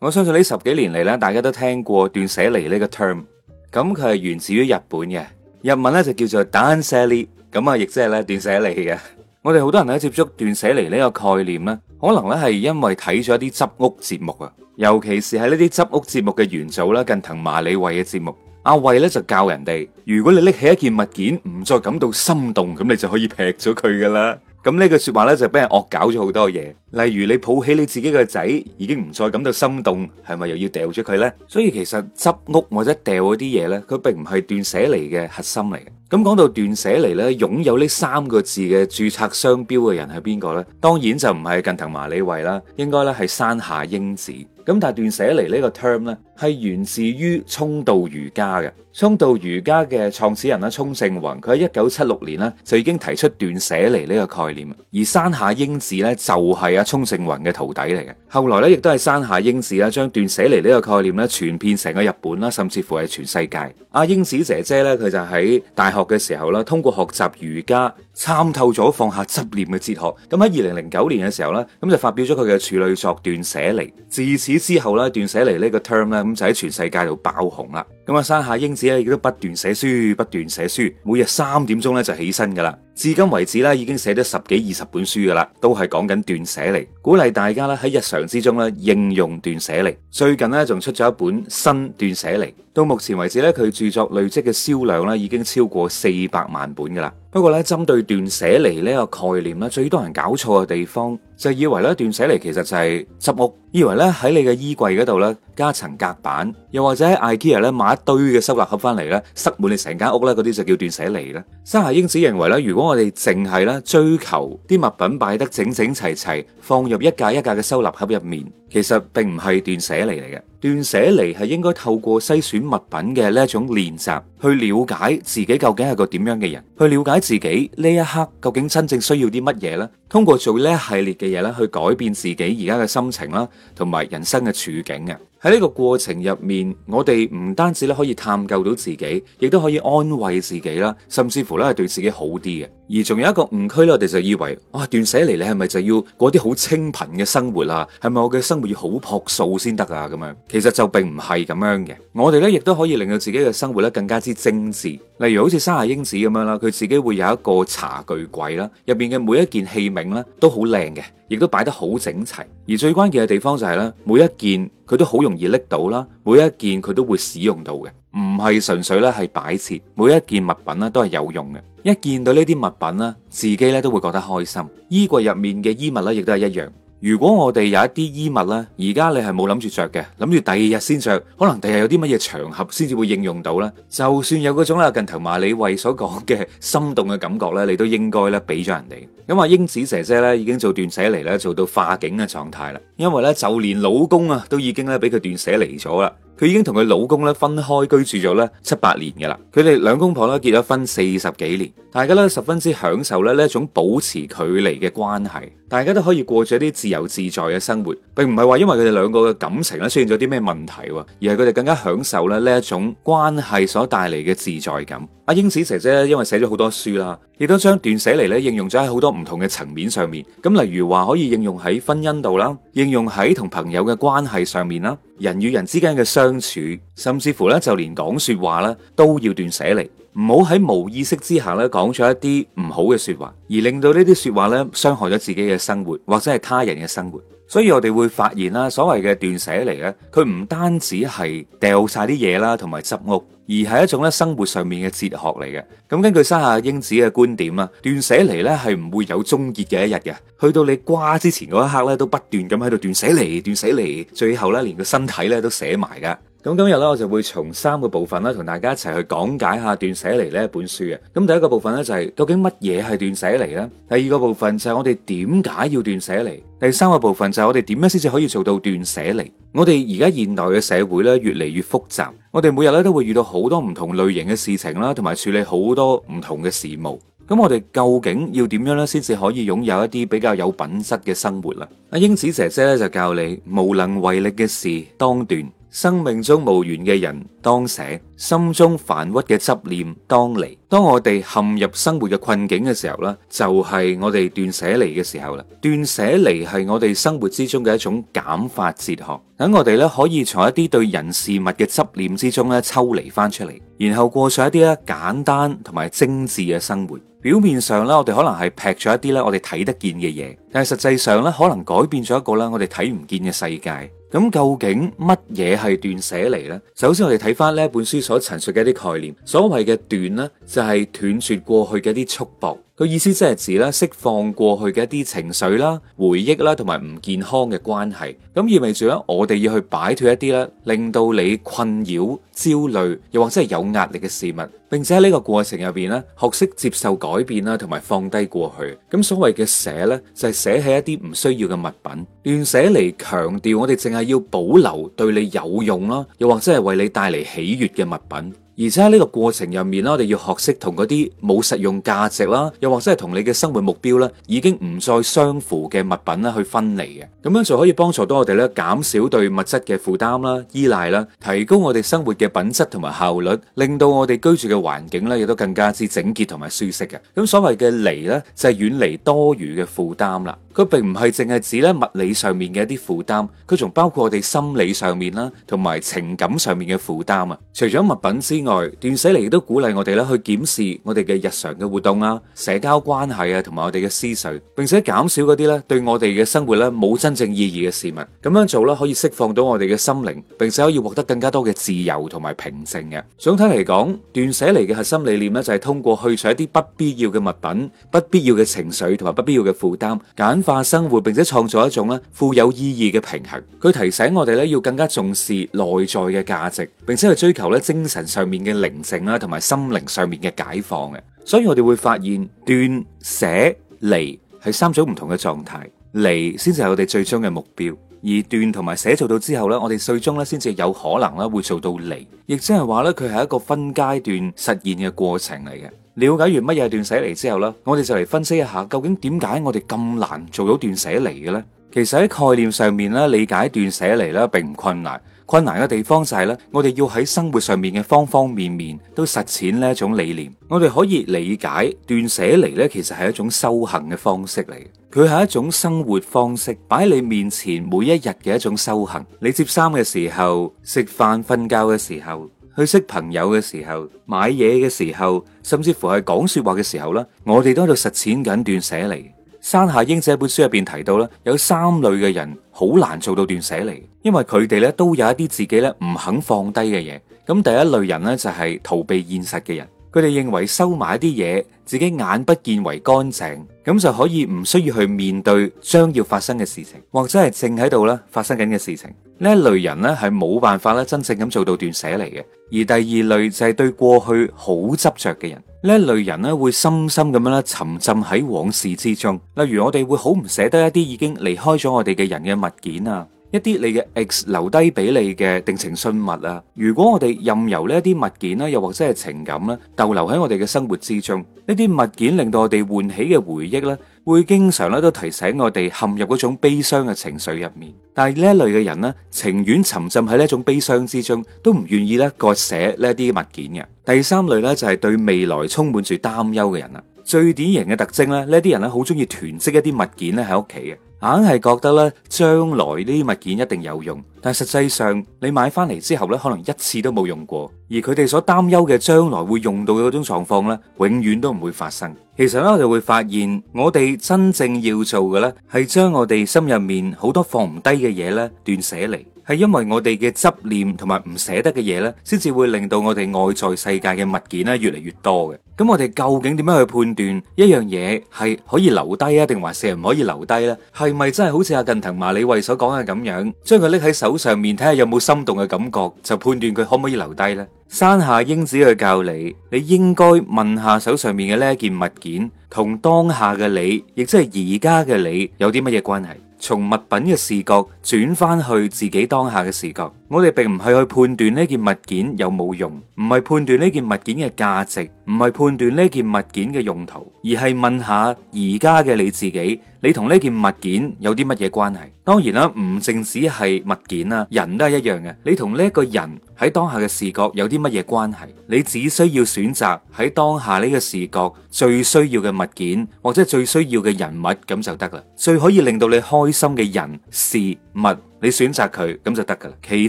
我相信呢十幾年嚟咧，大家都聽過斷捨離呢個 term，咁佢係源自於日本嘅，日文咧就叫做斷捨離，咁啊亦即係咧斷捨離嘅。我哋好多人咧接觸斷捨離呢個概念咧，可能咧係因為睇咗一啲執屋節目啊，尤其是係呢啲執屋節目嘅元祖啦，近藤麻里惠嘅節目，阿惠咧就教人哋，如果你拎起一件物件唔再感到心動，咁你就可以劈咗佢噶啦。咁呢句説話呢，就俾人惡搞咗好多嘢，例如你抱起你自己嘅仔已經唔再感到心動，係咪又要掉咗佢呢？所以其實執屋或者掉嗰啲嘢呢，佢並唔係斷捨離嘅核心嚟嘅。咁講到斷捨離咧，擁有呢三個字嘅註冊商標嘅人係邊個咧？當然就唔係近藤麻里惠啦，應該咧係山下英子。咁但係斷捨離呢個 term 咧，係源自於沖道瑜伽嘅。沖道瑜伽嘅創始人啦，沖正弘，佢喺一九七六年咧就已經提出斷捨離呢個概念。而山下英子咧就係阿沖正弘嘅徒弟嚟嘅。後來咧亦都係山下英子啦，將斷捨離呢個概念咧傳遍成個日本啦，甚至乎係全世界。阿英子姐姐咧，佢就喺大學嘅時候咧，通過學習瑜伽參透咗放下執念嘅哲學。咁喺二零零九年嘅時候呢，咁就發表咗佢嘅處女作《斷捨離》。自此之後呢，《斷捨離》呢個 term 咧，咁就喺全世界度爆紅啦。咁啊，山下英子咧亦都不斷寫書，不斷寫書，每日三點鐘咧就起身噶啦。至今為止咧，已經寫咗十幾二十本書噶啦，都係講緊斷捨離，鼓勵大家咧喺日常之中咧應用斷捨離。最近呢，仲出咗一本新斷捨離，到目前為止咧，佢著作累積嘅銷量咧已經超過四百萬本噶啦。不過咧，針對斷捨離呢個概念咧，最多人搞錯嘅地方。就以為咧斷捨離其實就係執屋，以為咧喺你嘅衣櫃嗰度咧加層隔板，又或者喺 IKEA 咧買一堆嘅收納盒翻嚟咧塞滿你成間屋咧嗰啲就叫斷捨離咧。山下英子認為咧，如果我哋淨係咧追求啲物品擺得整整齊齊，放入一架一架嘅收納盒入面，其實並唔係斷捨離嚟嘅。斷捨離係應該透過篩選物品嘅呢一種練習，去了解自己究竟係個點樣嘅人，去了解自己呢一刻究竟真正需要啲乜嘢呢，通過做呢一系列嘅嘢咧，去改變自己而家嘅心情啦，同埋人生嘅處境嘅。喺呢個過程入面，我哋唔單止咧可以探究到自己，亦都可以安慰自己啦，甚至乎咧係對自己好啲嘅。而仲有一個誤區咧，我哋就以為哇，斷、啊、捨離你係咪就要過啲好清貧嘅生活啊？係咪我嘅生活要好樸素先得啊？咁樣其實就並唔係咁樣嘅。我哋咧亦都可以令到自己嘅生活咧更加之精緻。例如好似山下英子咁樣啦，佢自己會有一個茶具櫃啦，入邊嘅每一件器皿咧都好靚嘅，亦都擺得好整齊。而最關鍵嘅地方就係、是、咧，每一件佢都好容易拎到啦，每一件佢都會使用到嘅。唔係純粹咧，係擺設。每一件物品咧都係有用嘅。一見到呢啲物品咧，自己咧都會覺得開心。衣櫃入面嘅衣物咧，亦都係一樣。如果我哋有一啲衣物咧，而家你係冇諗住着嘅，諗住第二日先着，可能第二日有啲乜嘢場合先至會應用到咧。就算有嗰種咧近藤麻里惠所講嘅心動嘅感覺咧，你都應該咧俾咗人哋。咁話英子姐姐咧已經做斷捨離咧做到化境嘅狀態啦，因為咧就連老公啊都已經咧俾佢斷捨離咗啦。佢已經同佢老公咧分開居住咗咧七八年㗎喇，佢哋兩公婆咧結咗婚四十幾年，大家咧十分之享受咧呢一種保持距離嘅關係，大家都可以過住一啲自由自在嘅生活，並唔係話因為佢哋兩個嘅感情咧出現咗啲咩問題，而係佢哋更加享受咧呢一種關係所帶嚟嘅自在感。阿英子姐姐咧，因為寫咗好多書啦，亦都將斷捨離咧應用咗喺好多唔同嘅層面上面。咁例如話可以應用喺婚姻度啦，應用喺同朋友嘅關係上面啦，人與人之間嘅相處，甚至乎咧就連講說話咧都要斷捨離，唔好喺無意識之下咧講咗一啲唔好嘅說話，而令到呢啲說話咧傷害咗自己嘅生活或者係他人嘅生活。所以我哋會發現啦，所謂嘅斷捨離咧，佢唔單止係掉晒啲嘢啦，同埋執屋，而係一種咧生活上面嘅哲學嚟嘅。咁根據山下英子嘅觀點啦，斷捨離咧係唔會有終結嘅一日嘅，去到你瓜之前嗰一刻咧，都不斷咁喺度斷捨離、斷捨離，最後咧連個身體咧都捨埋㗎。咁今日呢，我就會從三個部分啦，同大家一齊去講解下斷捨離呢一本書嘅。咁第一個部分呢就係究竟乜嘢係斷捨離呢？第二個部分就係我哋點解要斷捨離？第三個部分就係我哋點樣先至可以做到斷捨離？我哋而家現代嘅社會呢，越嚟越複雜，我哋每日呢都會遇到好多唔同類型嘅事情啦，同埋處理好多唔同嘅事務。咁我哋究竟要點樣呢先至可以擁有一啲比較有品質嘅生活啦？阿英子姐姐呢就教你無能為力嘅事當斷。生命中無緣嘅人當捨，心中煩鬱嘅執念當離。當我哋陷入生活嘅困境嘅時候咧，就係我哋斷捨離嘅時候啦。斷捨離係我哋生活之中嘅一種減法哲學，等我哋咧可以從一啲對人事物嘅執念之中咧抽離翻出嚟然後過上一啲咧簡單同埋精緻嘅生活。表面上咧，我哋可能係劈咗一啲咧我哋睇得見嘅嘢，但係實際上咧，可能改變咗一個咧我哋睇唔見嘅世界。咁究竟乜嘢係斷捨離呢？首先我哋睇返呢一本書所陳述嘅一啲概念，所謂嘅斷呢，就係斷絕過去嘅一啲束縛。佢意思即係指咧，釋放過去嘅一啲情緒啦、回憶啦同埋唔健康嘅關係，咁意味住咧我哋要去擺脫一啲咧令到你困擾、焦慮又或者係有壓力嘅事物，並且喺呢個過程入邊咧學識接受改變啦，同埋放低過去。咁所謂嘅捨咧就係、是、捨起一啲唔需要嘅物品，亂捨嚟強調我哋淨係要保留對你有用啦，又或者係為你帶嚟喜悦嘅物品。而且喺呢個過程入面啦，我哋要學識同嗰啲冇實用價值啦，又或者係同你嘅生活目標咧已經唔再相符嘅物品啦去分離嘅，咁樣就可以幫助到我哋咧減少對物質嘅負擔啦、依賴啦，提高我哋生活嘅品質同埋效率，令到我哋居住嘅環境咧亦都更加之整潔同埋舒適嘅。咁所謂嘅離咧就係遠離多餘嘅負擔啦，佢並唔係淨係指咧物理上面嘅一啲負擔，佢仲包括我哋心理上面啦，同埋情感上面嘅負擔啊。除咗物品之外，斷捨離亦都鼓勵我哋咧去檢視我哋嘅日常嘅活動啦、社交關係啊，同埋我哋嘅思緒，並且減少嗰啲咧對我哋嘅生活咧冇真正意義嘅事物。咁樣做咧可以釋放到我哋嘅心靈，並且可以獲得更加多嘅自由同埋平靜嘅。總體嚟講，斷捨離嘅核心理念咧就係通過去除一啲不必要嘅物品、不必要嘅情緒同埋不必要嘅負擔，簡化生活，並且創造一種咧富有意義嘅平衡。佢提醒我哋咧要更加重視內在嘅價值，並且去追求咧精神上面。嘅靈性啦，同埋心靈上面嘅解放嘅，所以我哋會發現斷、捨、離係三種唔同嘅狀態，離先至係我哋最終嘅目標，而斷同埋捨做到之後呢，我哋最終呢先至有可能咧會做到離，亦即係話呢，佢係一個分階段實現嘅過程嚟嘅。了解完乜嘢係斷捨離之後呢，我哋就嚟分析一下究竟點解我哋咁難做到斷捨離嘅呢？其實喺概念上面咧，理解斷捨離咧並唔困難。困難嘅地方就係咧，我哋要喺生活上面嘅方方面面都實踐呢一種理念。我哋可以理解斷捨離咧，其實係一種修行嘅方式嚟嘅。佢係一種生活方式，擺喺你面前每一日嘅一種修行。你接衫嘅時候、食飯、瞓覺嘅時候、去識朋友嘅時候、買嘢嘅時候，甚至乎係講説話嘅時候啦，我哋都喺度實踐緊斷捨離。山下英子喺本書入邊提到咧，有三類嘅人好難做到斷捨離，因為佢哋咧都有一啲自己咧唔肯放低嘅嘢。咁第一類人咧就係逃避現實嘅人。佢哋認為收埋一啲嘢，自己眼不見為乾淨，咁就可以唔需要去面對將要發生嘅事情，或者係正喺度咧發生緊嘅事情。呢一類人呢係冇辦法咧真正咁做到斷捨離嘅。而第二類就係對過去好執着嘅人。呢一類人呢會深深咁樣咧沉浸喺往事之中，例如我哋會好唔捨得一啲已經離開咗我哋嘅人嘅物件啊。一啲你嘅 x 留低俾你嘅定情信物啊。如果我哋任由呢一啲物件啦，又或者係情感啦逗留，喺我哋嘅生活之中，呢啲物件令到我哋喚起嘅回憶咧，會經常咧都提醒我哋陷入嗰種悲傷嘅情緒入面。但係呢一類嘅人咧，情願沉浸喺呢一種悲傷之中，都唔願意咧割捨呢一啲物件嘅。第三類咧就係對未來充滿住擔憂嘅人啦。最典型嘅特徵咧，呢啲人咧好中意囤積一啲物件咧喺屋企嘅，硬係覺得咧將來呢啲物件一定有用，但係實際上你買翻嚟之後咧，可能一次都冇用過，而佢哋所擔憂嘅將來會用到嘅嗰種狀況咧，永遠都唔會發生。其實咧，我哋會發現，我哋真正要做嘅咧，係將我哋心入面好多放唔低嘅嘢咧，斷捨離。係因為我哋嘅執念同埋唔捨得嘅嘢呢，先至會令到我哋外在世界嘅物件呢越嚟越多嘅。咁我哋究竟點樣去判斷一樣嘢係可以留低啊，定還是唔可以留低呢？係咪真係好似阿近藤麻里惠所講嘅咁樣，將佢拎喺手上面睇下有冇心動嘅感覺，就判斷佢可唔可以留低呢？山下英子去教你，你應該問下手上面嘅呢一件物件，同當下嘅你，亦即係而家嘅你，有啲乜嘢關係？從物品嘅視角轉返去自己當下嘅視角，我哋並唔係去判斷呢件物件有冇用，唔係判斷呢件物件嘅價值。唔係判斷呢件物件嘅用途，而係問下而家嘅你自己，你同呢件物件有啲乜嘢關係？當然啦，唔淨止係物件啦，人都係一樣嘅。你同呢一個人喺當下嘅視覺有啲乜嘢關係？你只需要選擇喺當下呢個視覺最需要嘅物件，或者最需要嘅人物咁就得啦。最可以令到你開心嘅人、事、物，你選擇佢咁就得噶啦。其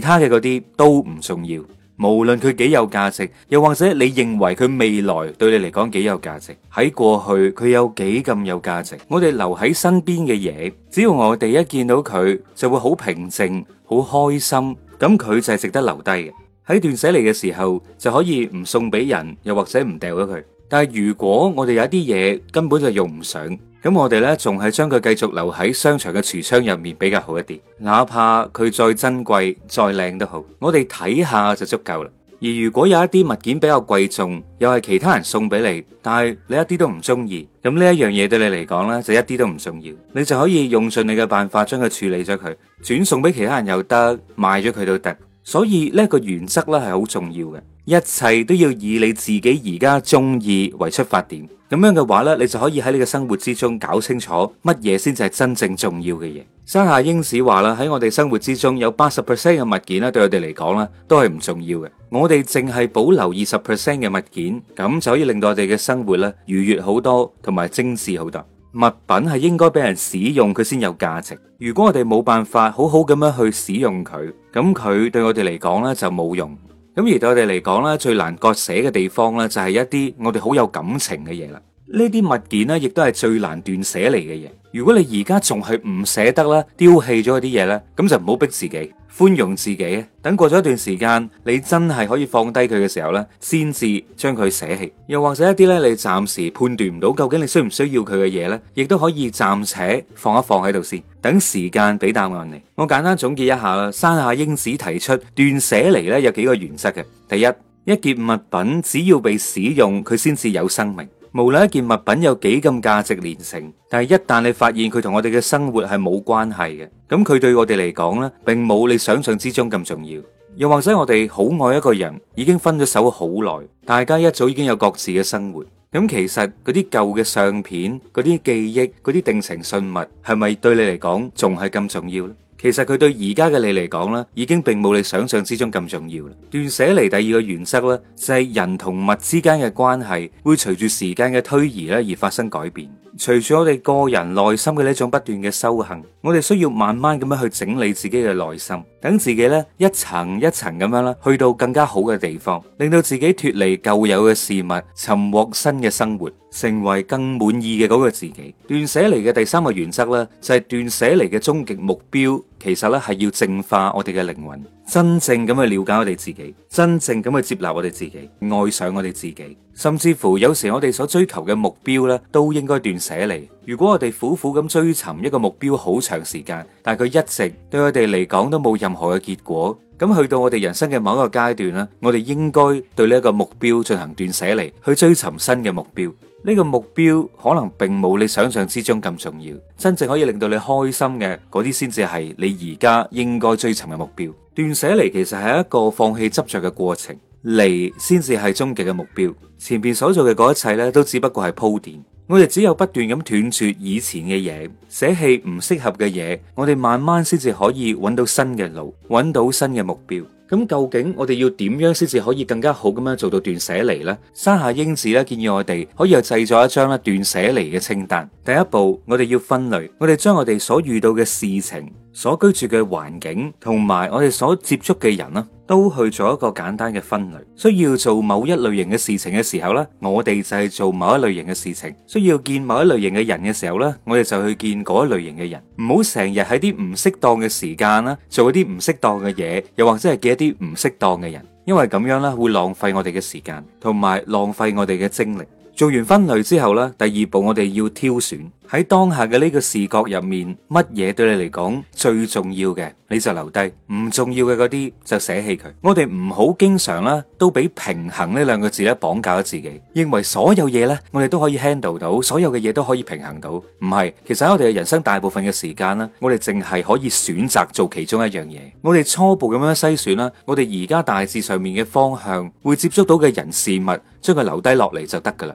他嘅嗰啲都唔重要。無論佢幾有價值，又或者你認為佢未來對你嚟講幾有價值，喺過去佢有幾咁有價值，我哋留喺身邊嘅嘢，只要我哋一見到佢，就會好平靜、好開心，咁佢就係值得留低嘅。喺斷捨離嘅時候，就可以唔送俾人，又或者唔掉咗佢。但係如果我哋有一啲嘢根本就用唔上。咁我哋呢仲係將佢繼續留喺商場嘅櫥窗入面比較好一啲，哪怕佢再珍貴、再靚都好，我哋睇下就足夠啦。而如果有一啲物件比較貴重，又係其他人送俾你，但係你一啲都唔中意，咁呢一樣嘢對你嚟講呢，就一啲都唔重要，你就可以用盡你嘅辦法將佢處理咗佢，轉送俾其他人又得，賣咗佢都得。所以呢個原則呢係好重要嘅，一切都要以你自己而家中意為出發點。咁樣嘅話呢，你就可以喺你嘅生活之中搞清楚乜嘢先至係真正重要嘅嘢。山下英子話啦，喺我哋生活之中有八十 percent 嘅物件咧，對我哋嚟講咧都係唔重要嘅。我哋淨係保留二十 percent 嘅物件，咁就可以令到我哋嘅生活咧愉悅好多，同埋精緻好多。物品係應該俾人使用，佢先有價值。如果我哋冇辦法好好咁樣去使用佢，咁佢對我哋嚟講呢就冇用。咁而對我哋嚟講咧，最難割捨嘅地方咧，就係一啲我哋好有感情嘅嘢啦。呢啲物件咧，亦都係最難斷捨離嘅嘢。如果你而家仲係唔捨得啦，丟棄咗嗰啲嘢呢，咁就唔好逼自己，寬容自己。等過咗一段時間，你真係可以放低佢嘅時候呢，先至將佢捨棄。又或者一啲呢，你暫時判斷唔到究竟你需唔需要佢嘅嘢呢，亦都可以暫且放一放喺度先，等時間俾答案你。我簡單總結一下啦，山下英子提出斷捨離呢有幾個原則嘅。第一，一件物品只要被使用，佢先至有生命。無論一件物品有幾咁價值連城，但係一旦你發現佢同我哋嘅生活係冇關係嘅，咁佢對我哋嚟講咧，並冇你想象之中咁重要。又或者我哋好愛一個人，已經分咗手好耐，大家一早已經有各自嘅生活，咁其實嗰啲舊嘅相片、嗰啲記憶、嗰啲定情信物，係咪對你嚟講仲係咁重要呢？其實佢對而家嘅你嚟講咧，已經並冇你想象之中咁重要啦。斷捨離第二個原則咧，就係、是、人同物之間嘅關係會隨住時間嘅推移咧而發生改變。隨住我哋個人內心嘅呢一種不斷嘅修行，我哋需要慢慢咁樣去整理自己嘅內心，等自己咧一層一層咁樣啦，去到更加好嘅地方，令到自己脫離舊有嘅事物，尋獲新嘅生活。成為更滿意嘅嗰個自己。斷捨離嘅第三個原則咧，就係斷捨離嘅終極目標，其實咧係要淨化我哋嘅靈魂，真正咁去了解我哋自己，真正咁去接納我哋自己，愛上我哋自己。甚至乎有時我哋所追求嘅目標咧，都應該斷捨離。如果我哋苦苦咁追尋一個目標好長時間，但係佢一直對我哋嚟講都冇任何嘅結果。咁去到我哋人生嘅某一個階段咧，我哋應該對呢個目標進行斷捨離，去追尋新嘅目標。呢個目標可能並冇你想象之中咁重要，真正可以令到你開心嘅嗰啲，先至係你而家應該追尋嘅目標。斷捨離其實係一個放棄執着嘅過程，離先至係終極嘅目標。前邊所做嘅嗰一切咧，都只不過係鋪墊。我哋只有不斷咁斷絕以前嘅嘢，捨棄唔適合嘅嘢，我哋慢慢先至可以揾到新嘅路，揾到新嘅目標。咁究竟我哋要點樣先至可以更加好咁樣做到斷捨離呢？山下英子咧建議我哋可以係製作一張咧斷捨離嘅清單。第一步，我哋要分類，我哋將我哋所遇到嘅事情。所居住嘅環境同埋我哋所接觸嘅人啦，都去做一個簡單嘅分類。需要做某一類型嘅事情嘅時候呢，我哋就係做某一類型嘅事情；需要見某一類型嘅人嘅時候呢，我哋就去見嗰一類型嘅人。唔好成日喺啲唔適當嘅時間啦，做一啲唔適當嘅嘢，又或者係見一啲唔適當嘅人，因為咁樣咧會浪費我哋嘅時間，同埋浪費我哋嘅精力。做完分類之後咧，第二步我哋要挑選喺當下嘅呢個視角入面，乜嘢對你嚟講最重要嘅，你就留低；唔重要嘅嗰啲就捨棄佢。我哋唔好經常啦，都俾平衡呢兩個字咧綁架咗自己，認為所有嘢呢，我哋都可以 handle 到，所有嘅嘢都可以平衡到。唔係，其實喺我哋嘅人生大部分嘅時間呢，我哋淨係可以選擇做其中一樣嘢。我哋初步咁樣篩選啦，我哋而家大致上面嘅方向會接觸到嘅人事物，將佢留低落嚟就得噶啦。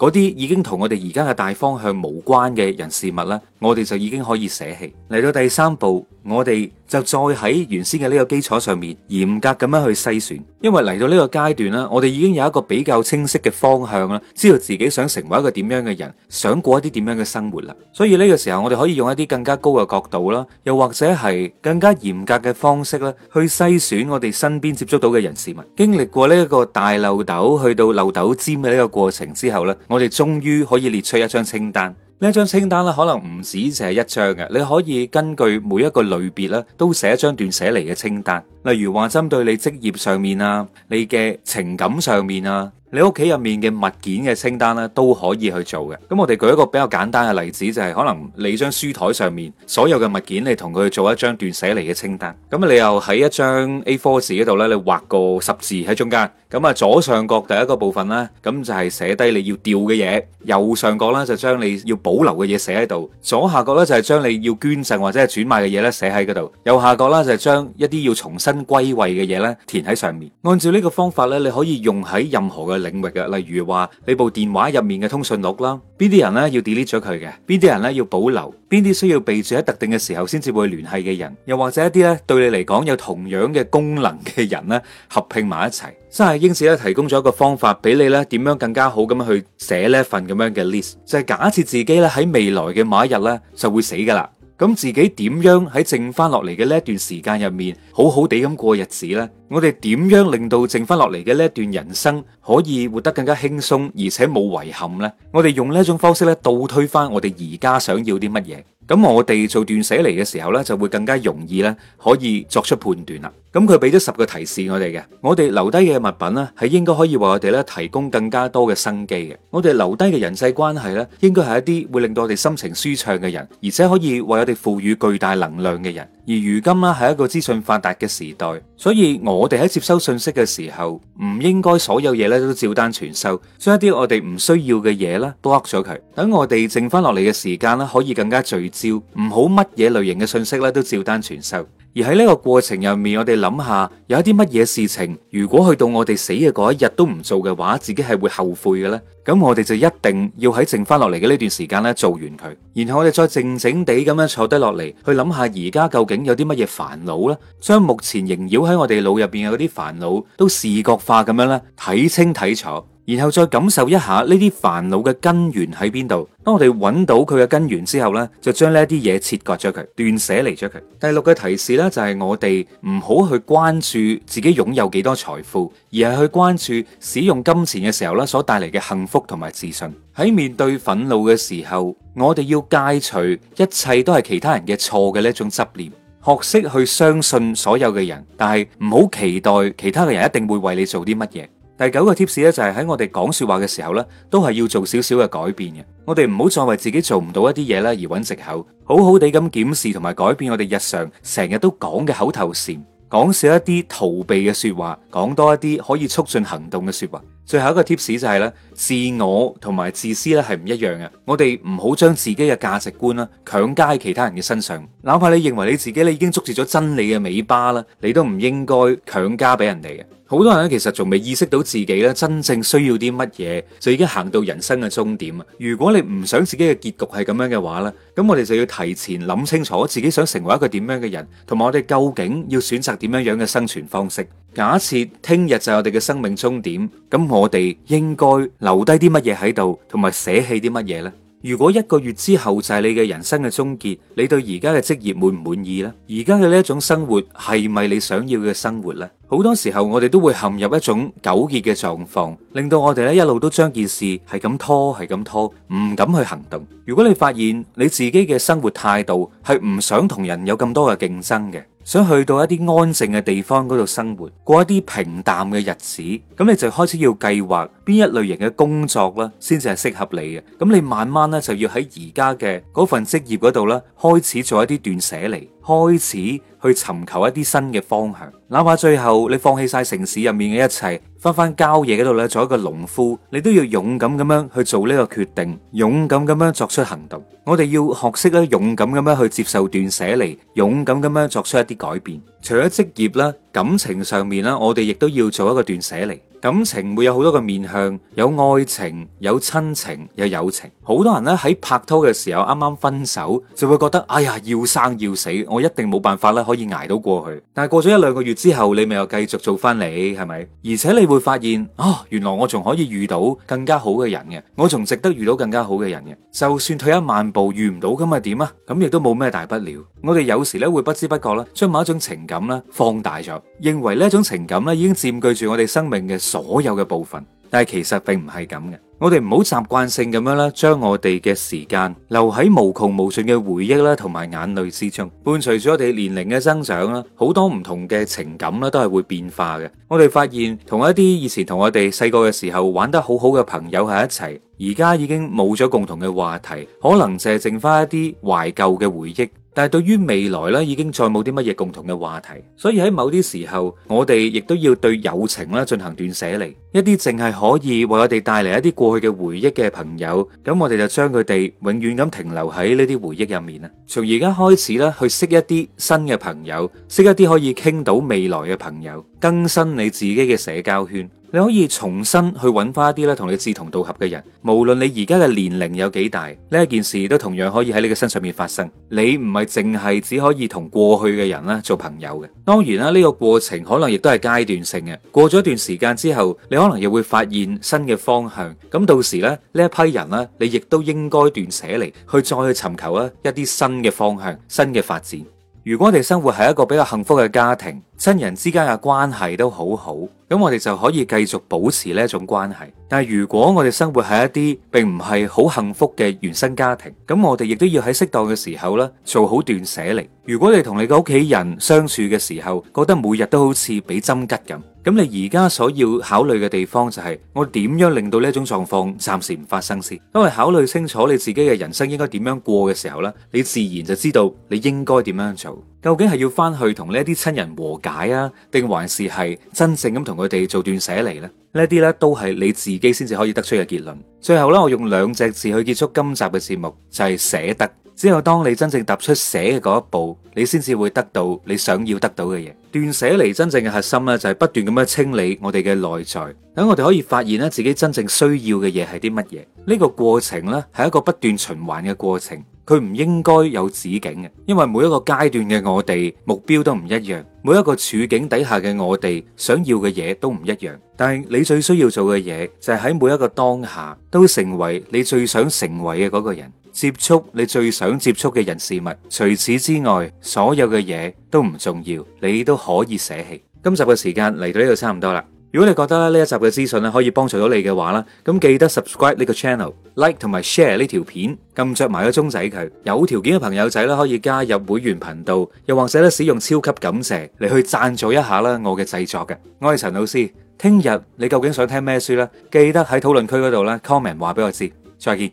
嗰啲已經同我哋而家嘅大方向無關嘅人事物啦，我哋就已經可以捨棄。嚟到第三步，我哋就再喺原先嘅呢個基礎上面嚴格咁樣去篩選。因為嚟到呢個階段啦，我哋已經有一個比較清晰嘅方向啦，知道自己想成為一個點樣嘅人，想過一啲點樣嘅生活啦。所以呢個時候，我哋可以用一啲更加高嘅角度啦，又或者係更加嚴格嘅方式咧，去篩選我哋身邊接觸到嘅人事物。經歷過呢一個大漏斗去到漏斗尖嘅呢個過程之後咧。我哋終於可以列出一張清單。呢一張清單咧，可能唔止淨係一張嘅，你可以根據每一個類別咧，都寫一張斷捨離嘅清單。例如話，針對你職業上面啊，你嘅情感上面啊，你屋企入面嘅物件嘅清單咧，都可以去做嘅。咁我哋舉一個比較簡單嘅例子，就係可能你張書枱上面所有嘅物件，你同佢做一張斷捨離嘅清單。咁啊，你又喺一張 A4 紙嗰度咧，你畫個十字喺中間。咁啊，左上角第一個部分啦，咁就係寫低你要掉嘅嘢；右上角咧就將你要保保留嘅嘢寫喺度，左下角咧就係將你要捐贈或者係轉賣嘅嘢咧寫喺嗰度，右下角啦就係將一啲要重新歸位嘅嘢咧填喺上面。按照呢個方法咧，你可以用喺任何嘅領域嘅，例如話你部電話入面嘅通訊錄啦，邊啲人咧要 delete 咗佢嘅，邊啲人咧要保留，邊啲需要備注喺特定嘅時候先至會聯繫嘅人，又或者一啲咧對你嚟講有同樣嘅功能嘅人咧合拼，埋一齊。真係英子咧，提供咗一個方法俾你咧，點樣更加好咁樣去寫呢一份咁樣嘅 list，就係假設自己咧喺未來嘅某一日咧就會死噶啦，咁自己點樣喺剩翻落嚟嘅呢一段時間入面，好好地咁過日子咧？我哋點樣令到剩翻落嚟嘅呢一段人生可以活得更加輕鬆，而且冇遺憾咧？我哋用呢一種方式咧，倒推翻我哋而家想要啲乜嘢？咁我哋做斷捨離嘅時候呢，就會更加容易呢可以作出判斷啦。咁佢俾咗十個提示我哋嘅，我哋留低嘅物品呢，係應該可以為我哋呢提供更加多嘅生機嘅。我哋留低嘅人際關係呢，應該係一啲會令到我哋心情舒暢嘅人，而且可以為我哋賦予巨大能量嘅人。而如今啦，係一個資訊發達嘅時代，所以我哋喺接收信息嘅時候，唔應該所有嘢咧都照單全收，將一啲我哋唔需要嘅嘢咧 block 咗佢，等我哋剩翻落嚟嘅時間啦，可以更加聚焦，唔好乜嘢類型嘅信息咧都照單全收。而喺呢個過程入面，我哋諗下有一啲乜嘢事情，如果去到我哋死嘅嗰一日都唔做嘅話，自己係會後悔嘅呢。咁我哋就一定要喺剩翻落嚟嘅呢段時間咧，做完佢。然後我哋再靜靜地咁樣坐低落嚟，去諗下而家究竟有啲乜嘢煩惱呢？將目前縈繞喺我哋腦入邊嘅嗰啲煩惱，都視覺化咁樣咧，睇清睇楚。然後再感受一下呢啲煩惱嘅根源喺邊度。當我哋揾到佢嘅根源之後呢，就將呢啲嘢切割咗佢，斷捨離咗佢。第六個提示呢，就係我哋唔好去關注自己擁有幾多財富，而係去關注使用金錢嘅時候呢，所帶嚟嘅幸福同埋自信。喺面對憤怒嘅時候，我哋要戒除一切都係其他人嘅錯嘅呢一種執念，學識去相信所有嘅人，但係唔好期待其他嘅人一定會為你做啲乜嘢。第九個 tips 咧，就係喺我哋講說話嘅時候咧，都係要做少少嘅改變嘅。我哋唔好再為自己做唔到一啲嘢咧，而揾藉口，好好地咁檢視同埋改變我哋日常成日都講嘅口頭禪，講少一啲逃避嘅說話，講多一啲可以促進行動嘅說話。最後一個 tips 就係咧，自我同埋自私咧係唔一樣嘅。我哋唔好將自己嘅價值觀啦強加喺其他人嘅身上，哪怕你認為你自己你已經捉住咗真理嘅尾巴啦，你都唔應該強加俾人哋嘅。好多人咧，其實仲未意識到自己咧真正需要啲乜嘢，就已經行到人生嘅終點。如果你唔想自己嘅結局係咁樣嘅話咧，咁我哋就要提前諗清楚自己想成為一個點樣嘅人，同埋我哋究竟要選擇點樣樣嘅生存方式。假設聽日就係我哋嘅生命終點，咁我哋應該留低啲乜嘢喺度，同埋捨棄啲乜嘢呢？如果一個月之後就係你嘅人生嘅終結，你對而家嘅職業滿唔滿意呢？而家嘅呢一種生活係咪你想要嘅生活呢？好多時候我哋都會陷入一種糾結嘅狀況，令到我哋呢一路都將件事係咁拖，係咁拖，唔敢去行動。如果你發現你自己嘅生活態度係唔想同人有咁多嘅競爭嘅。想去到一啲安靜嘅地方嗰度生活，過一啲平淡嘅日子，咁你就開始要計劃邊一類型嘅工作啦，先至係適合你嘅。咁你慢慢咧就要喺而家嘅嗰份職業嗰度咧，開始做一啲斷捨離，開始去尋求一啲新嘅方向，哪怕最後你放棄晒城市入面嘅一切。翻翻郊野嗰度咧，做一個農夫，你都要勇敢咁樣去做呢個決定，勇敢咁樣作出行動。我哋要學識咧，勇敢咁樣去接受斷捨離，勇敢咁樣作出一啲改變。除咗職業啦，感情上面啦，我哋亦都要做一個斷捨離。感情會有好多個面向，有愛情、有親情、有友情。好多人咧喺拍拖嘅時候，啱啱分手就會覺得，哎呀，要生要死，我一定冇辦法咧，可以捱到？過去。但係過咗一兩個月之後，你咪又繼續做翻嚟，係咪？而且你會發現，啊、哦，原來我仲可以遇到更加好嘅人嘅，我仲值得遇到更加好嘅人嘅。就算退一萬步遇唔到咁係點啊？咁亦都冇咩大不了。我哋有時咧會不知不覺啦，將某一種情。咁啦，放大咗，認為呢種情感咧，已經佔據住我哋生命嘅所有嘅部分。但係其實並唔係咁嘅。我哋唔好習慣性咁樣咧，將我哋嘅時間留喺無窮無盡嘅回憶咧，同埋眼淚之中。伴隨住我哋年齡嘅增長啦，好多唔同嘅情感啦，都係會變化嘅。我哋發現同一啲以前同我哋細個嘅時候玩得好好嘅朋友喺一齊，而家已經冇咗共同嘅話題，可能淨係剩翻一啲懷舊嘅回憶。但係對於未來咧，已經再冇啲乜嘢共同嘅話題，所以喺某啲時候，我哋亦都要對友情咧進行斷捨離。一啲淨係可以為我哋帶嚟一啲過去嘅回憶嘅朋友，咁我哋就將佢哋永遠咁停留喺呢啲回憶入面啊！從而家開始咧，去識一啲新嘅朋友，識一啲可以傾到未來嘅朋友，更新你自己嘅社交圈。你可以重新去揾翻一啲咧同你志同道合嘅人，無論你而家嘅年齡有幾大，呢一件事都同樣可以喺你嘅身上面發生。你唔係淨係只可以同過去嘅人啦做朋友嘅。當然啦，呢個過程可能亦都係階段性嘅。過咗一段時間之後，你可能又會發現新嘅方向。咁到時咧呢一批人咧，你亦都應該斷捨離，去再去尋求啊一啲新嘅方向、新嘅發展。如果我哋生活喺一個比較幸福嘅家庭。親人之間嘅關係都好好，咁我哋就可以繼續保持呢一種關係。但係如果我哋生活喺一啲並唔係好幸福嘅原生家庭，咁我哋亦都要喺適當嘅時候呢，做好斷捨離。如果你同你嘅屋企人相處嘅時候，覺得每日都好似俾針拮咁，咁你而家所要考慮嘅地方就係我點樣令到呢一種狀況暫時唔發生先。當你考慮清楚你自己嘅人生應該點樣過嘅時候呢，你自然就知道你應該點樣做。究竟係要翻去同呢一啲親人和解？買啊，定還是係真正咁同佢哋做斷捨離咧？呢一啲咧都係你自己先至可以得出嘅結論。最後咧，我用兩隻字去結束今集嘅節目，就係捨得。只有當你真正踏出捨嘅嗰一步，你先至會得到你想要得到嘅嘢。斷捨離真正嘅核心咧，就係不斷咁樣清理我哋嘅內在，等我哋可以發現咧自己真正需要嘅嘢係啲乜嘢。呢個過程咧係一個不斷循環嘅過程。佢唔應該有止境嘅，因為每一個階段嘅我哋目標都唔一樣，每一個處境底下嘅我哋想要嘅嘢都唔一樣。但係你最需要做嘅嘢就係、是、喺每一個當下都成為你最想成為嘅嗰個人，接觸你最想接觸嘅人事物。除此之外，所有嘅嘢都唔重要，你都可以捨棄。今集嘅時間嚟到呢度差唔多啦。如果你覺得呢一集嘅資訊咧可以幫助到你嘅話啦，咁記得 subscribe 呢個 channel，like 同埋 share 呢條片，撳着埋個鐘仔佢。有條件嘅朋友仔咧可以加入會員頻道，又或者咧使用超級感謝嚟去贊助一下啦我嘅製作嘅。我係陳老師，聽日你究竟想聽咩書咧？記得喺討論區嗰度咧 comment 話俾我知。再見。